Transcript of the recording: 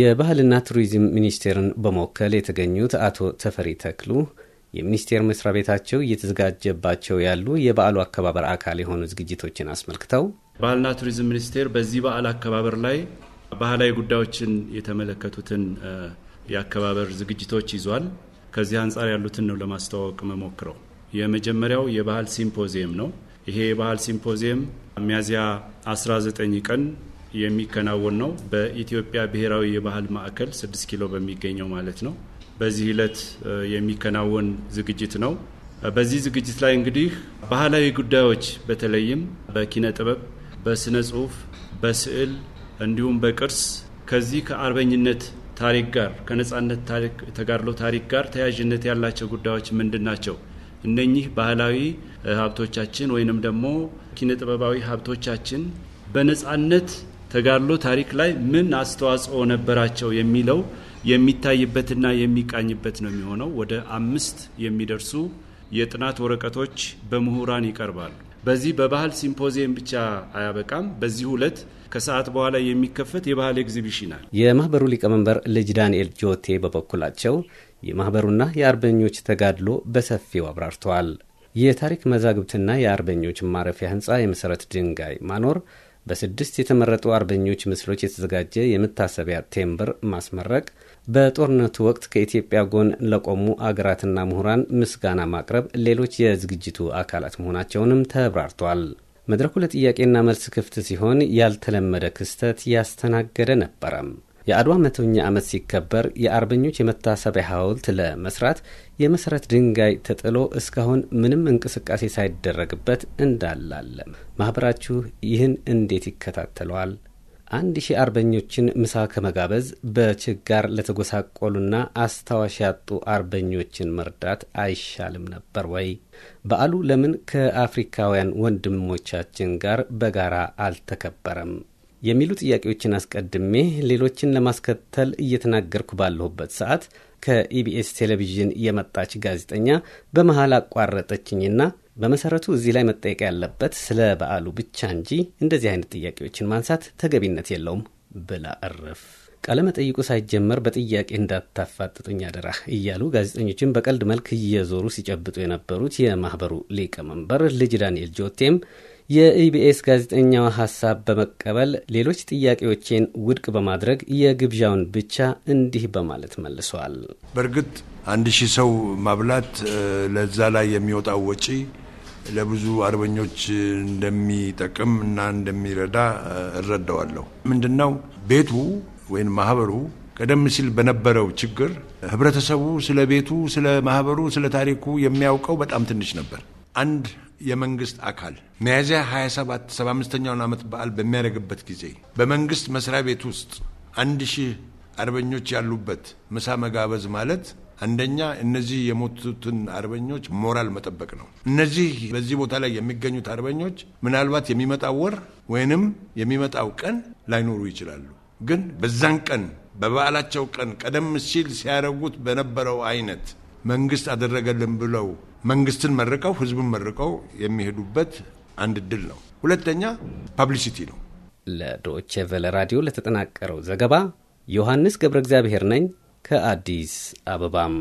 የባህልና ቱሪዝም ሚኒስቴርን በመወከል የተገኙት አቶ ተፈሪ ተክሉ የሚኒስቴር መስሪያ ቤታቸው እየተዘጋጀባቸው ያሉ የበዓሉ አከባበር አካል የሆኑ ዝግጅቶችን አስመልክተው ባህልና ቱሪዝም ሚኒስቴር በዚህ በዓል አከባበር ላይ ባህላዊ ጉዳዮችን የተመለከቱትን የአከባበር ዝግጅቶች ይዟል። ከዚህ አንጻር ያሉትን ነው ለማስተዋወቅ መሞክረው። የመጀመሪያው የባህል ሲምፖዚየም ነው። ይሄ የባህል ሲምፖዚየም ሚያዝያ 19 ቀን የሚከናወን ነው። በኢትዮጵያ ብሔራዊ የባህል ማዕከል ስድስት ኪሎ በሚገኘው ማለት ነው። በዚህ ዕለት የሚከናወን ዝግጅት ነው። በዚህ ዝግጅት ላይ እንግዲህ ባህላዊ ጉዳዮች በተለይም በኪነ ጥበብ፣ በስነ ጽሁፍ፣ በስዕል እንዲሁም በቅርስ ከዚህ ከአርበኝነት ታሪክ ጋር ከነጻነት ተጋድሎ ታሪክ ጋር ተያያዥነት ያላቸው ጉዳዮች ምንድን ናቸው? እነኚህ ባህላዊ ሀብቶቻችን ወይንም ደግሞ ኪነ ጥበባዊ ሀብቶቻችን በነጻነት ተጋድሎ ታሪክ ላይ ምን አስተዋጽኦ ነበራቸው የሚለው የሚታይበትና የሚቃኝበት ነው የሚሆነው። ወደ አምስት የሚደርሱ የጥናት ወረቀቶች በምሁራን ይቀርባሉ። በዚህ በባህል ሲምፖዚየም ብቻ አያበቃም። በዚህ ሁለት ከሰዓት በኋላ የሚከፈት የባህል ኤግዚቢሽናል። የማህበሩ ሊቀመንበር ልጅ ዳንኤል ጆቴ በበኩላቸው የማህበሩና የአርበኞች ተጋድሎ በሰፊው አብራርተዋል። የታሪክ መዛግብትና የአርበኞች ማረፊያ ህንፃ የመሰረት ድንጋይ ማኖር በስድስት የተመረጡ አርበኞች ምስሎች የተዘጋጀ የመታሰቢያ ቴምብር ማስመረቅ፣ በጦርነቱ ወቅት ከኢትዮጵያ ጎን ለቆሙ አገራትና ምሁራን ምስጋና ማቅረብ ሌሎች የዝግጅቱ አካላት መሆናቸውንም ተብራርቷል። መድረኩ ለጥያቄና መልስ ክፍት ሲሆን ያልተለመደ ክስተት ያስተናገደ ነበረም። የአድዋ መቶኛ ዓመት ሲከበር የአርበኞች የመታሰቢያ ሐውልት ለመስራት የመሰረት ድንጋይ ተጥሎ እስካሁን ምንም እንቅስቃሴ ሳይደረግበት እንዳላለም ማኅበራችሁ ይህን እንዴት ይከታተለዋል? አንድ ሺህ አርበኞችን ምሳ ከመጋበዝ በችጋር ለተጎሳቆሉና አስታዋሽ ያጡ አርበኞችን መርዳት አይሻልም ነበር ወይ? በዓሉ ለምን ከአፍሪካውያን ወንድሞቻችን ጋር በጋራ አልተከበረም? የሚሉ ጥያቄዎችን አስቀድሜ ሌሎችን ለማስከተል እየተናገርኩ ባለሁበት ሰዓት ከኢቢኤስ ቴሌቪዥን የመጣች ጋዜጠኛ በመሀል አቋረጠችኝና በመሰረቱ እዚህ ላይ መጠየቅ ያለበት ስለ በዓሉ ብቻ እንጂ እንደዚህ አይነት ጥያቄዎችን ማንሳት ተገቢነት የለውም ብላ እርፍ። ቃለመጠይቁ ሳይጀመር በጥያቄ እንዳታፋጥጡኝ አደራ እያሉ ጋዜጠኞችን በቀልድ መልክ እየዞሩ ሲጨብጡ የነበሩት የማህበሩ ሊቀመንበር ልጅ ዳንኤል ጆቴም የኢቢኤስ ጋዜጠኛው ሀሳብ በመቀበል ሌሎች ጥያቄዎቼን ውድቅ በማድረግ የግብዣውን ብቻ እንዲህ በማለት መልሰዋል። በእርግጥ አንድ ሺህ ሰው ማብላት ለዛ ላይ የሚወጣው ወጪ ለብዙ አርበኞች እንደሚጠቅም እና እንደሚረዳ እረዳዋለሁ። ምንድነው ቤቱ ወይም ማህበሩ ቀደም ሲል በነበረው ችግር ህብረተሰቡ ስለ ቤቱ፣ ስለ ማህበሩ፣ ስለ ታሪኩ የሚያውቀው በጣም ትንሽ ነበር። አንድ የመንግስት አካል ሚያዝያ 27 75ኛውን ዓመት በዓል በሚያደርግበት ጊዜ በመንግስት መስሪያ ቤት ውስጥ አንድ ሺህ አርበኞች ያሉበት ምሳ መጋበዝ ማለት አንደኛ እነዚህ የሞቱትን አርበኞች ሞራል መጠበቅ ነው። እነዚህ በዚህ ቦታ ላይ የሚገኙት አርበኞች ምናልባት የሚመጣው ወር ወይንም የሚመጣው ቀን ላይኖሩ ይችላሉ። ግን በዛን ቀን በበዓላቸው ቀን ቀደም ሲል ሲያደርጉት በነበረው አይነት መንግስት አደረገልን ብለው መንግስትን መርቀው ህዝብን መርቀው የሚሄዱበት አንድ እድል ነው። ሁለተኛ ፐብሊሲቲ ነው። ለዶቼ ራዲዮ ለተጠናቀረው ዘገባ ዮሐንስ ገብረ እግዚአብሔር ነኝ ከአዲስ አበባም